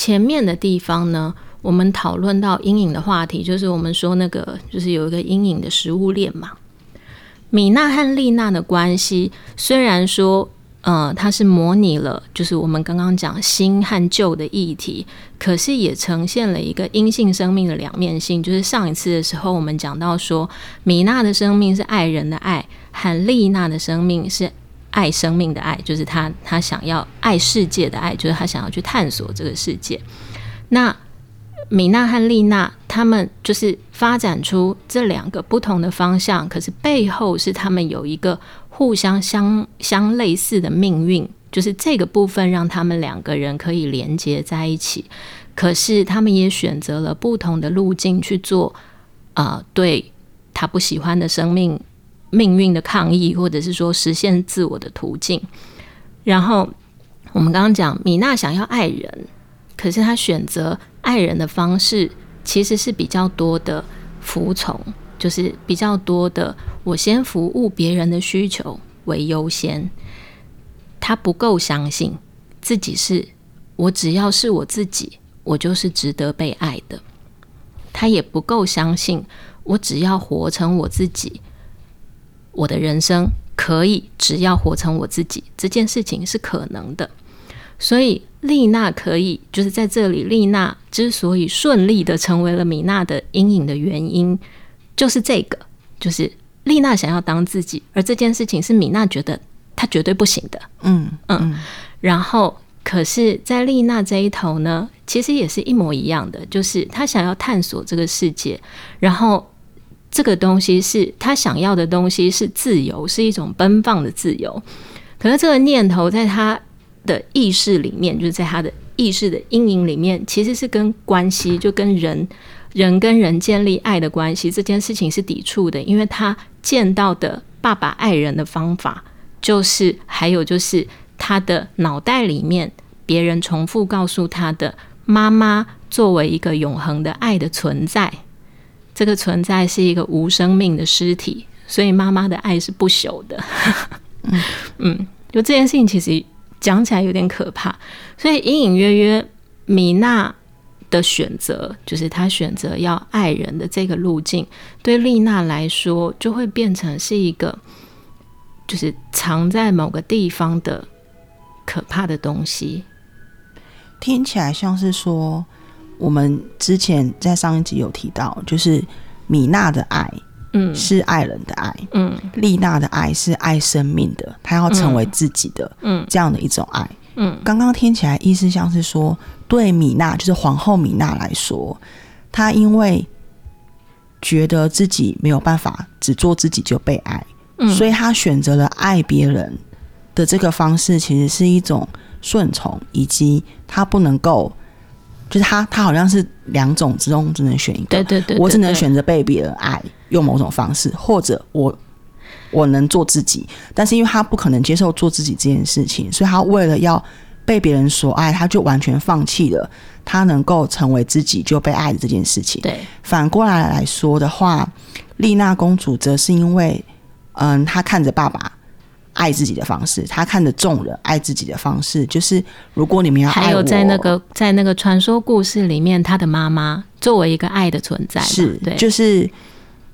前面的地方呢，我們討論到陰影的話題，就是我們說那個就是有一個陰影的食物鏈嘛。米娜和麗娜的關係，雖然說呃它，是模擬了，就是我們剛剛講新和舊的議題，可是也呈現了一個陰性生命的兩面性。就是上一次的時候，我們講到說，米娜的生命是愛人的愛，和麗娜的生命是愛生命的愛，就是他他想要愛世界的愛，就是他想要去探索這個世界。那米娜和麗娜他們就是發展出這兩個不同的方向，可是背後是他們有一個互相相相類似的命運，就是這個部分讓他們兩個人可以連接在一起。可是他們也選擇了不同的路徑去做，呃，對他不喜歡的生命，命運的抗議，或者是說實現自我的途徑。然後我們剛剛講，米娜想要愛人，可是她選擇愛人的方式其實是比較多的服從，就是比較多的我先服務別人的需求為優先。她不夠相信自己是，我只要是我自己，我就是值得被愛的。她也不夠相信，我只要活成我自己。我的人生可以，只要活成我自己，這件事情是可能的。所以麗娜可以，就是在這裡，麗娜之所以順利的成為了米娜的陰影的原因，就是這個，就是麗娜想要當自己，而這件事情是米娜覺得她絕對不行的。嗯嗯，嗯。然後，可是，在麗娜這一頭呢，其實也是一模一樣的，就是她想要探索這個世界，然後。這個東西是他想要的東西，是自由，是一種奔放的自由。可是這個念頭在他的意識裡面，就是在他的意識的陰影裡面，其實是跟關係，就跟人人跟人建立愛的關係，這件事情是抵觸的，因為他見到的爸爸愛人的方法，就是還有就是他的腦袋裡面，別人重複告訴他的媽媽作為一個永恆的愛的存在。這個存在是一個無生命的屍體，所以媽媽的愛是不朽的。 嗯，就這件事情其實講起來有點可怕，所以隱隱約約，米娜的選擇就是她選擇要愛人的這個路徑，對麗娜來說就會變成是一個，就是藏在某個地方的可怕的東西，聽起來像是說。我們之前在上一集有提到，就是米娜的愛，是愛人的愛，嗯，麗娜的愛是愛生命的，她要成為自己的，嗯，這樣的一種愛，嗯，剛剛聽起來意思像是說，對米娜，就是皇後米娜來說，她因為覺得自己沒有辦法只做自己就被愛，嗯，所以她選擇了愛別人的這個方式，其實是一種順從，以及她不能夠。就是他，他好像是兩種之中只能選一個。對對對，對，對，對，我只能選擇被別人愛，用某種方式，或者我我能做自己。但是因為他不可能接受做自己這件事情，所以他為了要被別人所愛，他就完全放棄了他能夠成為自己就被愛的這件事情。對，反過來來說的話，麗娜公主則是因為，嗯，她看着爸爸。愛自己的方式，他看得重了。愛自己的方式就是，如果你們要愛我，還有在那個在那個傳說故事裡面，他的媽媽作為一個愛的存在的，是對，就是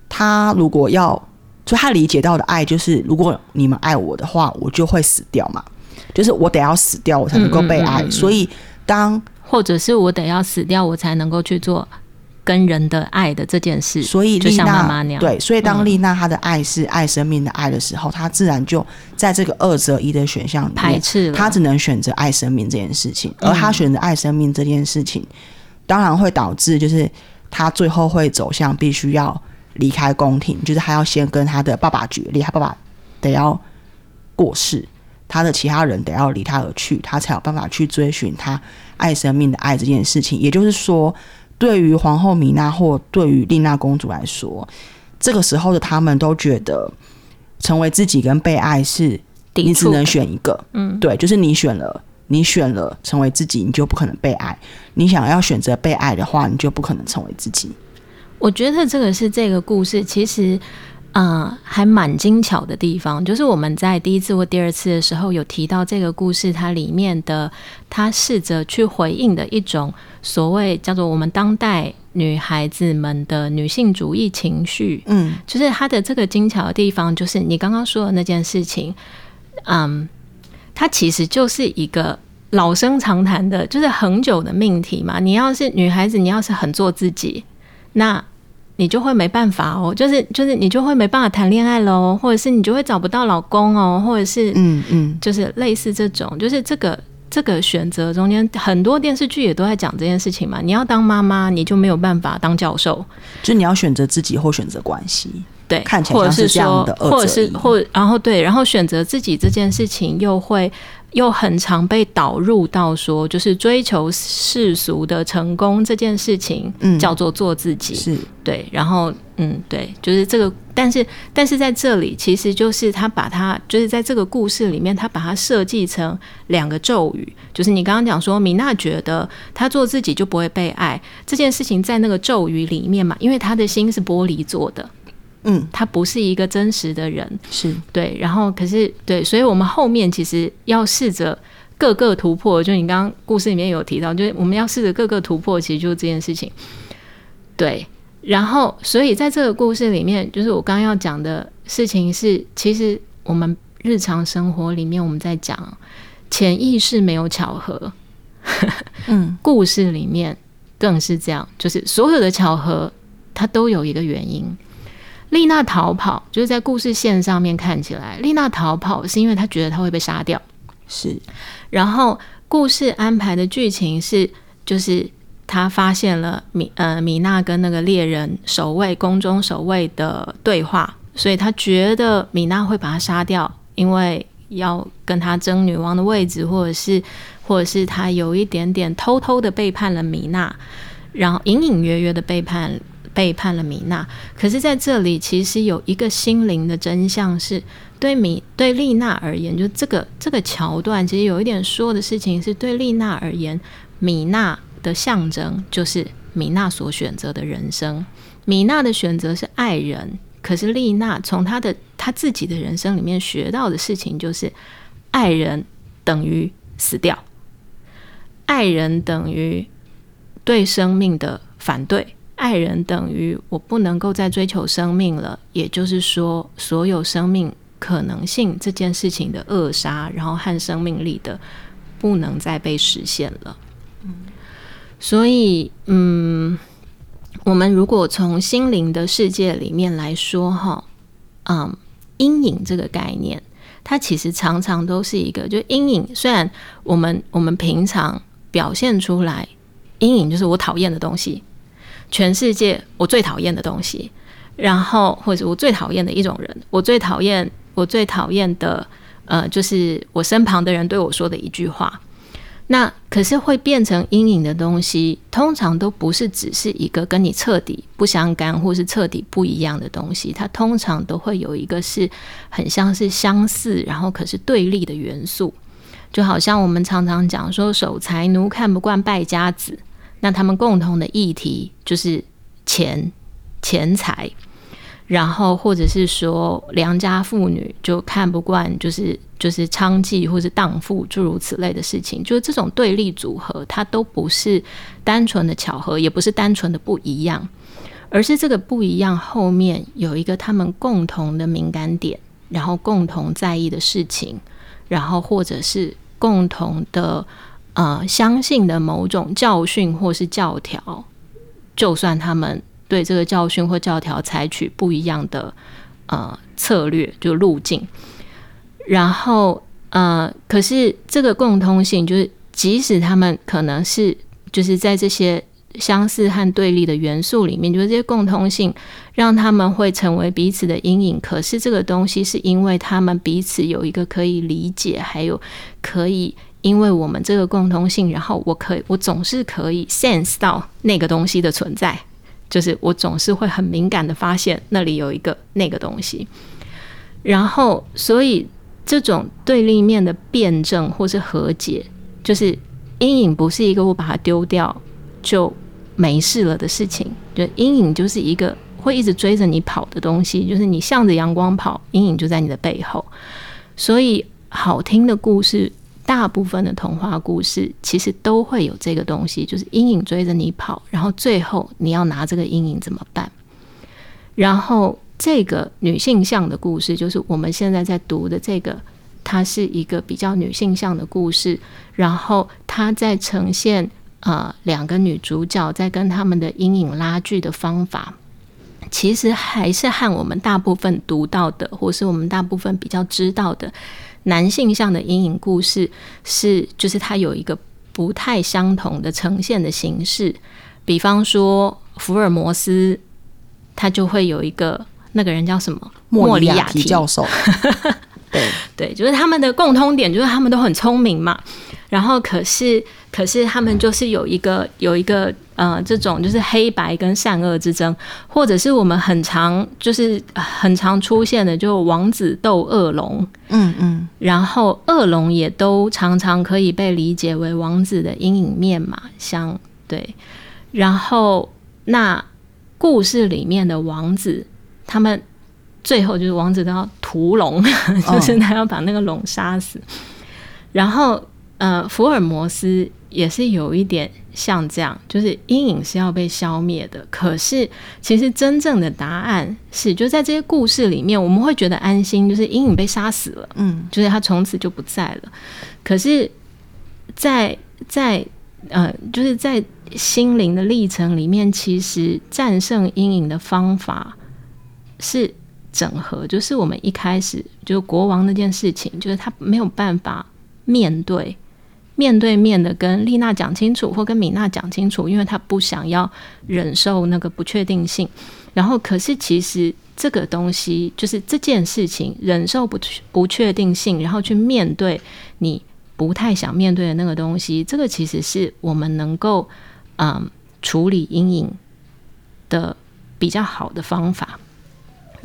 他如果要，就他理解到的愛，就是如果你們愛我的話，我就會死掉嘛，就是我得要死掉，我才能夠被愛嗯嗯嗯嗯嗯。所以當或者是我得要死掉，我才能夠去做。跟人的愛的這件事，所以麗娜媽媽對，所以當麗娜她的愛是愛生命的愛的時候，嗯、她自然就在這個二擇一的選項裡面排斥了，她只能選擇愛生命這件事情。而她選擇愛生命這件事情，嗯、當然會導致就是她最後會走向必須要離開宮廷，就是她要先跟她的爸爸決裂，她爸爸得要過世，她的其他人得要離她而去，她才有辦法去追尋她愛生命的愛這件事情。也就是說。對於皇後米娜或對於麗娜公主來說，這個時候的他們都覺得，成為自己跟被愛是，你只能選一個。嗯，對，就是你選了，你選了成為自己，你就不可能被愛；你想要選擇被愛的話，你就不可能成為自己。我覺得這個是這個故事，其實……啊、嗯，還蠻精巧的地方，就是我們在第一次或第二次的時候有提到這個故事，它裡面的他試着去回應的一種所謂叫做我們當代女孩子們的女性主義情緒，嗯，就是它的這個精巧的地方，就是你剛剛說的那件事情，嗯，它其實就是一個老生常談的，就是很久的命題嘛。你要是女孩子，你要是很做自己，那。你就會沒辦法哦，就是就是你就會沒辦法談戀愛嘍，或者是你就會找不到老公哦，或者是，是嗯嗯，就是類似這種，就是這個這個選擇中間很多電視劇也都在講這件事情嘛。你要當媽媽，你就沒有辦法當教授，就你要選擇自己或選擇關係。對，或者是說，或者是或者，然後對，然後選擇自己這件事情，又會又很常被導入到說，就是追求世俗的成功這件事情，嗯，叫做做自己，是對。然後，嗯，對，就是這個，但是，但是在這裡，其實就是他把他，就是在這個故事裡面，他把它設計成兩個咒語，就是你剛剛講說，米娜覺得她做自己就不會被愛這件事情，在那個咒語裡面嘛，因為他的心是玻璃做的。嗯，他不是一個真實的人，是對，然後可是對，所以我們後面其實要試着各個突破。就你剛剛故事裡面有提到，就是我們要試着各個突破，其實就是這件事情。對，然後所以在這個故事裡面，就是我剛剛要講的事情是，其實我們日常生活裡面我們在講潛意識沒有巧合，嗯， 故事裡面更是這樣，就是所有的巧合它都有一個原因。麗娜逃跑，就是在故事線上面看起來，麗娜逃跑是因為她覺得她會被殺掉，是。然後故事安排的劇情是，就是她發現了米呃米娜跟那個獵人守衛宮中守衛的對話，所以她覺得米娜會把她殺掉，因為要跟她爭女王的位置，或者是或者是她有一點點偷偷的背叛了米娜，然後隱隱約約的背叛。背叛了米娜，可是在這裡其實有一個心靈的真相是，對米，對麗娜而言，就這個這個橋段其實有一點說的事情是對麗娜而言，米娜的象徵就是米娜所選擇的人生。米娜的選擇是愛人，可是麗娜從她的她自己的人生裡面學到的事情就是，愛人等於死掉，愛人等於對生命的反對。愛人等於我不能夠再追求生命了，也就是說，所有生命可能性這件事情的扼殺，然後和生命力的不能再被實現了。所以，嗯，我們如果從心靈的世界裡面來說，哈，嗯，陰影這個概念，它其實常常都是一個，就陰影。雖然我們我們平常表現出來，陰影就是我討厭的東西。全世界我最討厭的東西，然後或者是我最討厭的一種人，我最討厭我最討厭的，呃，就是我身旁的人對我說的一句話。那可是會變成陰影的東西，通常都不是只是一個跟你徹底不相干或是徹底不一樣的東西，它通常都會有一個是很像是相似，然後可是對立的元素。就好像我們常常講說，守財奴看不慣敗家子。那他們共同的議題就是錢、錢財，然後或者是說良家婦女就看不慣，就是就是娼妓，或是蕩婦諸如此類的事情，就是這種對立組合，它都不是單純的巧合，也不是單純的不一樣，而是這個不一樣後面有一個他們共同的敏感點，然後共同在意的事情，然後或者是共同的。呃，相信的某種教訓或是教條，就算他們對這個教訓或教條採取不一樣的呃策略，就路徑，然後呃，可是這個共通性就是，即使他們可能是就是在這些相似和對立的元素裡面，就是這些共通性讓他們會成為彼此的陰影。可是這個東西是因為他們彼此有一個可以理解，還有可以。因為我們這個共通性，然後我可以，我總是可以 sense 到那個東西的存在，就是我總是會很敏感的發現那裡有一個那個東西。然後，所以這種對立面的辯證或是和解，就是陰影不是一個我把它丟掉就沒事了的事情，就陰影就是一個會一直追着你跑的東西，就是你向着陽光跑，陰影就在你的背後。所以，好聽的故事。大部分的童話故事其實都會有這個東西，就是陰影追着你跑，然後最後你要拿這個陰影怎麼辦？然後這個女性向的故事，就是我們現在在讀的這個，它是一個比較女性向的故事，然後它在呈現啊，呃，兩個女主角在跟他們的陰影拉鋸的方法，其實還是和我們大部分讀到的，或是我們大部分比較知道的。男性向的陰影故事是，就是他有一個不太相同的呈現的形式。比方說，福爾摩斯，他就會有一個那個人叫什麼？莫里亞蒂教，教授。對 對，就是他們的共通點，就是他們都很聰明嘛。然後可是。可是他們就是有一個有一個呃，這種就是黑白跟善惡之爭，或者是我們很常就是很常出現的，就王子鬥惡龍，嗯嗯，然後惡龍也都常常可以被理解為王子的陰影面嘛，相對。然後那故事裡面的王子，他們最後就是王子都要屠龍，哦、 就是他要把那個龍殺死。然後呃，福爾摩斯，也是有一點像這樣，就是陰影是要被消滅的。可是，其實真正的答案是，就在這些故事裡面，我們會覺得安心，就是陰影被殺死了，嗯，就是他從此就不在了。可是在，在在呃，就是在心靈的歷程裡面，其實戰勝陰影的方法是整合。就是我們一開始就是國王那件事情，就是他沒有辦法面對。面對面的跟麗娜講清楚，或跟米娜講清楚，因為她不想要忍受那個不確定性。然後，可是其實這個東西，就是這件事情，忍受不不確定性，然後去面對你不太想面對的那個東西，這個其實是我們能夠嗯、呃、處理陰影的比較好的方法。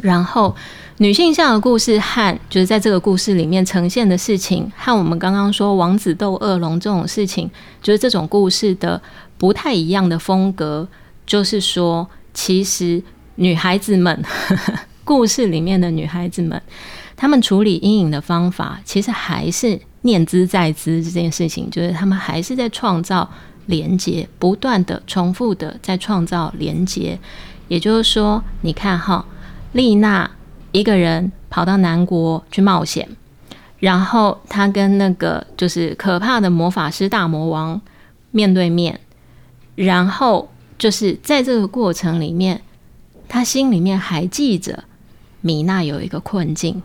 然後，女性向的故事和就是在這個故事裡面呈現的事情，和我們剛剛說王子鬥惡龍這種事情，就是這種故事的不太一樣的風格。就是說，其實女孩子們，呵呵故事裡面的女孩子們，她們處理陰影的方法，其實還是念茲在茲這件事情，就是她們還是在創造連接，不斷的重複的在創造連接。也就是說，你看哈。麗娜一個人跑到南國去冒險，然後她跟那個就是可怕的魔法師大魔王面對面，然後就是在這個過程裡面，她心裡面還記着米娜有一個困境。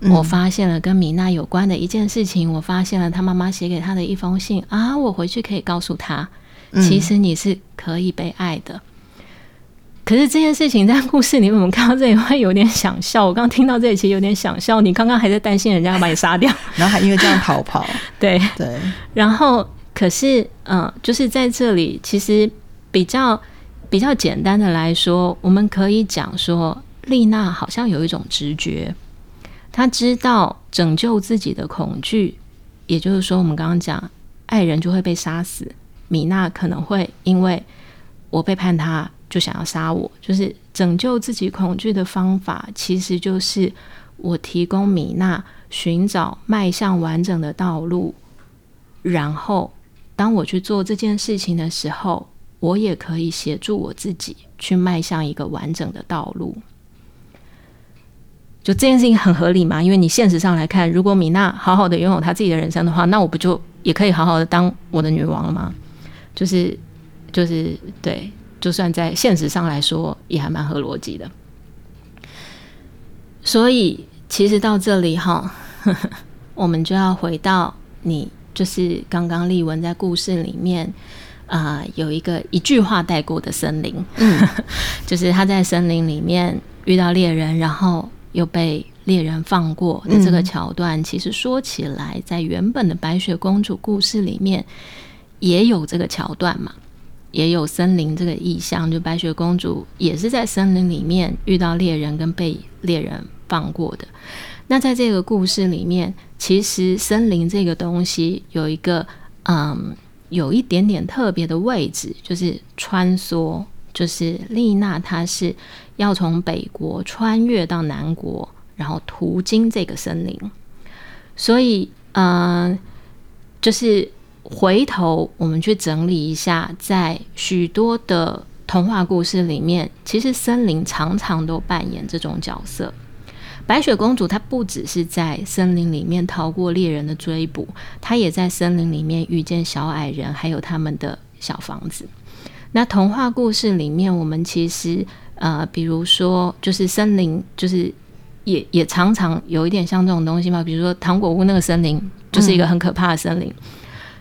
嗯。我發現了跟米娜有關的一件事情，我發現了她媽媽寫給她的一封信啊，我回去可以告訴她，其實你是可以被愛的。可是這件事情在故事裡面，我們看到這裡會有點想笑。我剛剛聽到這裡，其實有點想笑。你剛剛還在擔心人家要把你殺掉， 然後還因為這樣逃跑。對對。然後，可是，嗯，就是在這裡，其實比較比較簡單的來說，我們可以講說，麗娜好像有一種直覺，她知道拯救自己的恐懼，也就是說，我們剛剛講，愛人就會被殺死。米娜可能會因為我背叛她，就想要殺我，就是拯救自己恐懼的方法，其實就是我提供米娜尋找邁向完整的道路。然後，當我去做這件事情的時候，我也可以協助我自己去邁向一個完整的道路。就這件事情很合理嘛，因為你現實上來看，如果米娜好好的擁有她自己的人生的話，那我不就也可以好好的當我的女王了嗎？就是，就是，對。就算在現實上來說，也還蠻合邏輯的。所以，其實到這裡哈，我們就要回到你就是剛剛俐文在故事裡面啊，呃，有一個一句話帶過的森林，嗯呵呵，就是他在森林裡面遇到獵人，然後又被獵人放過的這個橋段，嗯。其實說起來，在原本的白雪公主故事裡面，也有這個橋段嘛。也有森林這個意象，就白雪公主也是在森林裡面遇到獵人，跟被獵人放過的。那在這個故事裡面，其實森林這個東西有一個，嗯，有一點點特別的位置，就是穿梭，就是麗娜她是要從北國穿越到南國，然後途經這個森林，所以，嗯，就是。回頭我們去整理一下，在許多的童話故事裡面，其實森林常常都扮演這種角色。白雪公主她不只是在森林裡面逃過獵人的追捕，她也在森林裡面遇見小矮人，還有他們的小房子。那童話故事裡面，我們其實呃，比如說就是森林，就是也也常常有一點像這種東西嘛，比如說糖果屋那個森林就是一個很可怕的森林。嗯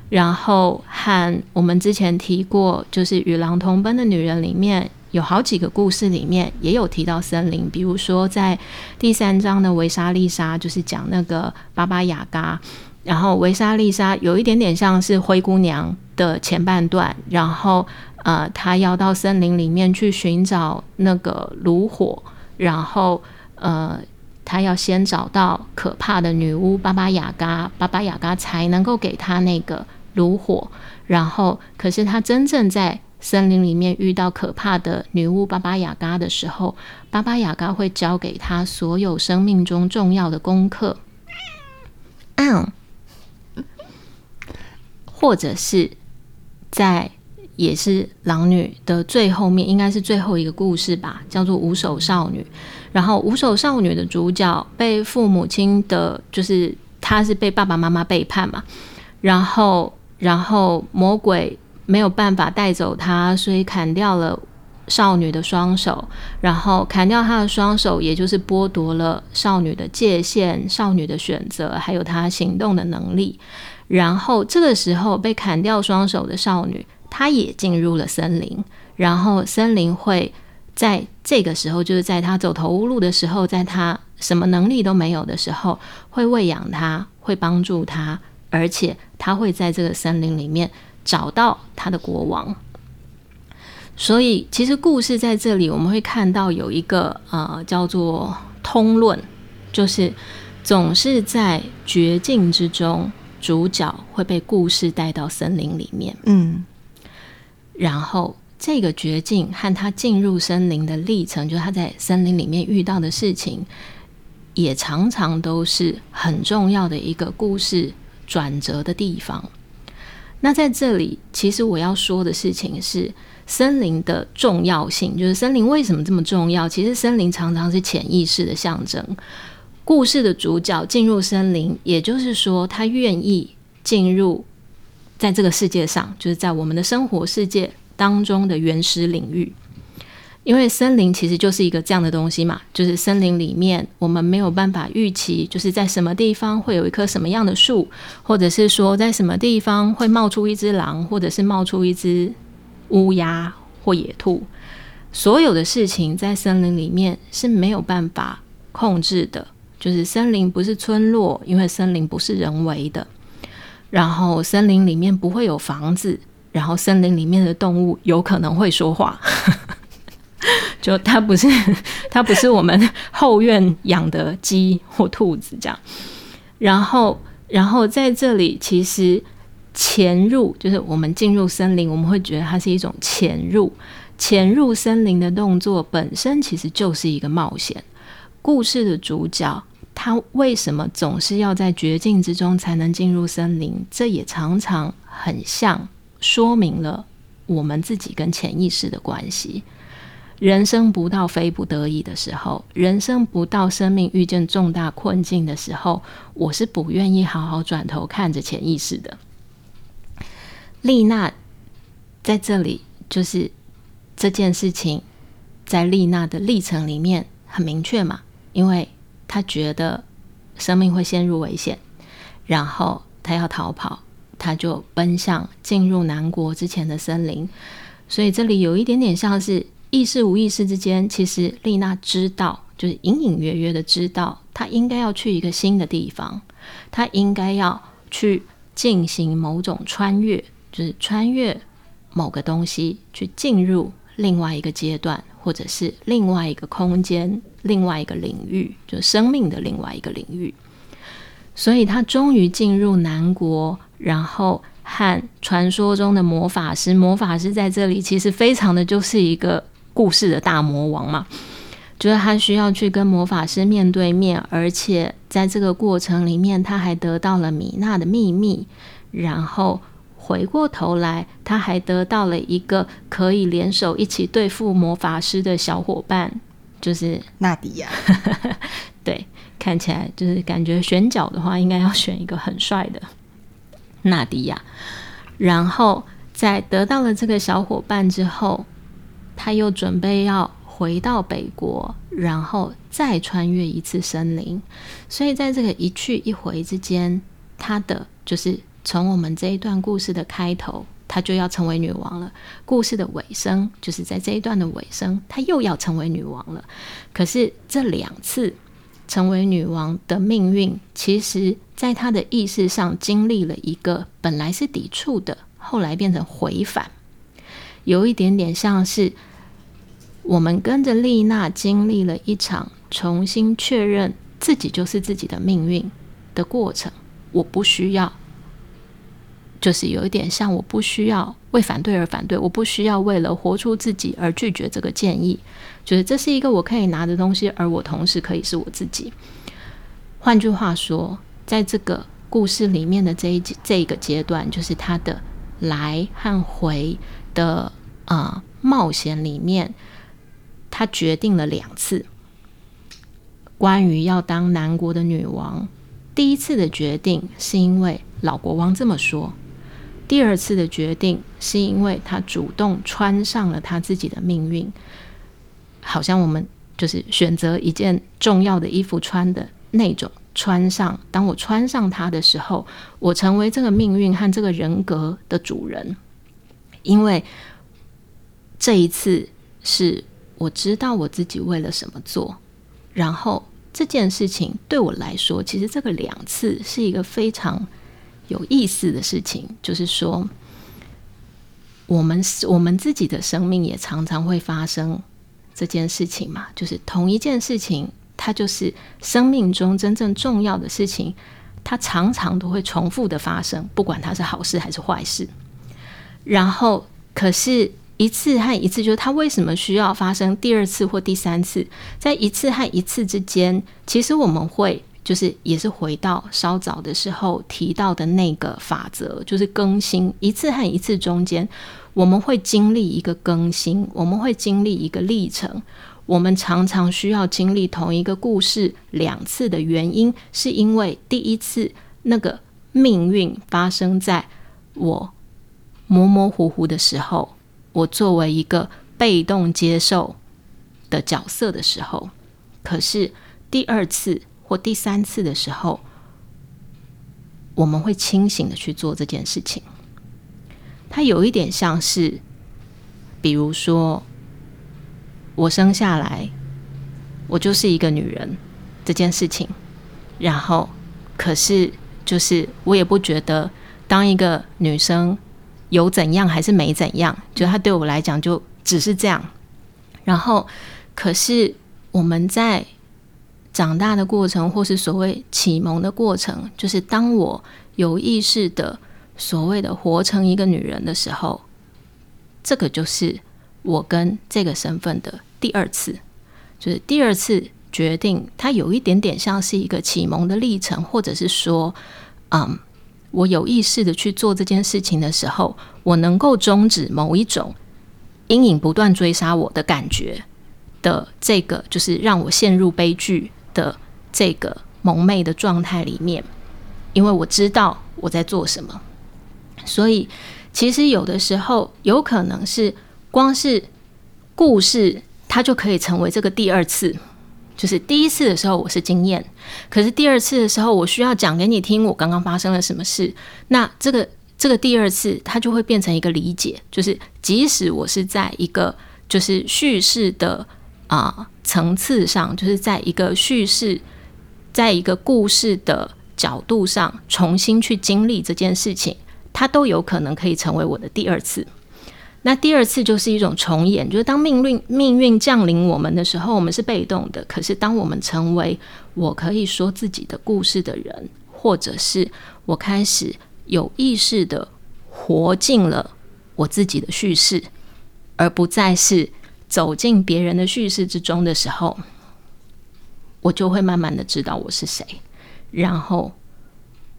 然後和我們之前提過，就是《與狼同奔的女人》裡面有好幾個故事，裡面也有提到森林。比如說在第三章的維莎麗莎，就是講那個巴巴雅嘎。然後維莎麗莎有一點點像是灰姑娘的前半段，然後呃，她要到森林裡面去尋找那個爐火，然後呃。他要先找到可怕的女巫巴巴雅嘎，巴巴雅嘎才能夠給他那個爐火。然後，可是他真正在森林裡面遇到可怕的女巫巴巴雅嘎的時候，巴巴雅嘎會教給他所有生命中重要的功課。嗯，或者是在也是狼女的最後面，應該是最後一個故事吧，叫做無手少女。然後，無手少女的主角被父母親的，就是她是被爸爸媽媽背叛嘛，然後，然後魔鬼沒有辦法帶走她，所以砍掉了少女的雙手，然後砍掉她的雙手，也就是剝奪了少女的界限、少女的選擇，還有她行動的能力。然後這個時候被砍掉雙手的少女，她也進入了森林，然後森林會。在這個時候，就是在他走投無路的時候，在他什麼能力都沒有的時候，會餵養他，會幫助他，而且他會在這個森林裡面找到他的國王。所以，其實故事在這裡，我們會看到有一個呃叫做通論，就是總是在絕境之中，主角會被故事帶到森林裡面，嗯，然後。這個絕境和他進入森林的歷程，就是他在森林裡面遇到的事情，也常常都是很重要的一個故事轉折的地方。那在這裡，其實我要說的事情是森林的重要性，就是森林為什麼這麼重要？其實森林常常是潛意識的象徵。故事的主角進入森林，也就是說他願意進入在這個世界上，就是在我們的生活世界。當中的原始領域，因為森林其實就是一個這樣的東西嘛，就是森林裡面我們沒有辦法預期，就是在什麼地方會有一棵什麼樣的樹，或者是說在什麼地方會冒出一隻狼，或者是冒出一隻烏鴉或野兔。所有的事情在森林裡面是沒有辦法控制的，就是森林不是村落，因為森林不是人為的，然後森林裡面不會有房子。然後森林裡面的動物有可能會說話， 就它不是它不是我們後院養的雞或兔子這樣。然後，然後在這裡其實潛入就是我們進入森林，我們會覺得它是一種潛入。潛入森林的動作本身其實就是一個冒險故事的主角。他為什麼總是要在絕境之中才能進入森林？這也常常很像。說明了我們自己跟潛意識的關係。人生不到非不得已的時候，人生不到生命遇見重大困境的時候，我是不願意好好轉頭看着潛意識的。麗娜在這裡，就是這件事情在麗娜的歷程裡面很明確嘛，因為她覺得生命會陷入危險，然後她要逃跑。他就奔向進入南國之前的森林，所以這裡有一點點像是意識無意識之間，其實麗娜知道，就是隱隱約約的知道，她應該要去一個新的地方，她應該要去進行某種穿越，就是穿越某個東西，去進入另外一個階段，或者是另外一個空間、另外一個領域，就是生命的另外一個領域。所以他終於進入南國，然後和傳說中的魔法師。魔法師在這裡其實非常的就是一個故事的大魔王嘛，就是他需要去跟魔法師面對面，而且在這個過程裡面，他還得到了米娜的祕密，然後回過頭來，他還得到了一個可以聯手一起對付魔法師的小夥伴。就是娜迪亞， 對，看起來就是感覺選角的話，應該要選一個很帥的娜迪亞。然後在得到了這個小夥伴之後，他又準備要回到北國，然後再穿越一次森林。所以在這個一去一回之間，他的就是從我們這一段故事的開頭。她就要成為女王了。故事的尾聲，就是在這一段的尾聲，她又要成為女王了。可是這兩次成為女王的命運，其實在她的意識上經歷了一個本來是抵觸的，後來變成回返，有一點點像是我們跟着麗娜經歷了一場重新確認自己就是自己的命運的過程。我不需要。就是有一點像，我不需要為反對而反對，我不需要為了活出自己而拒絕這個建議，就是這是一個我可以拿的東西，而我同時可以是我自己。換句話說，在這個故事裡面的這一這一個階段，就是他的來和回的啊、呃、冒險裡面，他決定了兩次關於要當南國的女王。第一次的決定是因為老國王這麼說。第二次的決定，是因為他主動穿上了他自己的命運，好像我們就是選擇一件重要的衣服穿的那種。穿上，當我穿上它的時候，我成為這個命運和這個人格的主人。因為這一次，是我知道我自己為了什麼做。然後這件事情對我來說，其實這個兩次是一個非常。有意思的事情，就是說，我們我們自己的生命也常常會發生這件事情嘛。就是同一件事情，它就是生命中真正重要的事情，它常常都會重複的發生，不管它是好事還是壞事。然後，可是，一次和一次，就是它為什麼需要發生第二次或第三次？在一次和一次之間，其實我們會。就是也是回到稍早的時候提到的那個法則，就是更新一次和一次中間，我們會經歷一個更新，我們會經歷一個歷程。我們常常需要經歷同一個故事兩次的原因，是因為第一次那個命運發生在我模模糊糊的時候，我作為一個被動接受的角色的時候，可是第二次。或第三次的時候，我們會清醒的去做這件事情。它有一點像是，比如說，我生下來，我就是一個女人這件事情，然後可是就是我也不覺得當一個女生有怎樣還是沒怎樣，就他對我來講就只是這樣。然後可是我們在。長大的過程，或是所謂啟蒙的過程，就是當我有意識的所謂的活成一個女人的時候，這個就是我跟這個身份的第二次，就是第二次決定，它有一點點像是一個啟蒙的歷程，或者是說，嗯，我有意識的去做這件事情的時候，我能夠終止某一種陰影不斷追殺我的感覺的這個，就是讓我陷入悲劇。的這個夢寐的狀態裡面，因為我知道我在做什麼，所以其實有的時候有可能是光是故事，它就可以成為這個第二次。就是第一次的時候我是經驗；可是第二次的時候我需要講給你聽，我剛剛發生了什麼事。那這個這個第二次，它就會變成一個理解。就是即使我是在一個就是敘事的啊。層次上，就是在一個敘事、在一個故事的角度上，重新去經歷這件事情，它都有可能可以成為我的第二次。那第二次就是一種重演，就是當命運命運降臨我們的時候，我們是被動的；可是當我們成為我可以說自己的故事的人，或者是我開始有意識地活進了我自己的敘事，而不再是。走進別人的敘事之中的時候，我就會慢慢的知道我是誰，然後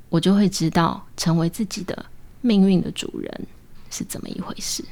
我就會知道成為自己的命運的主人是怎麼一回事。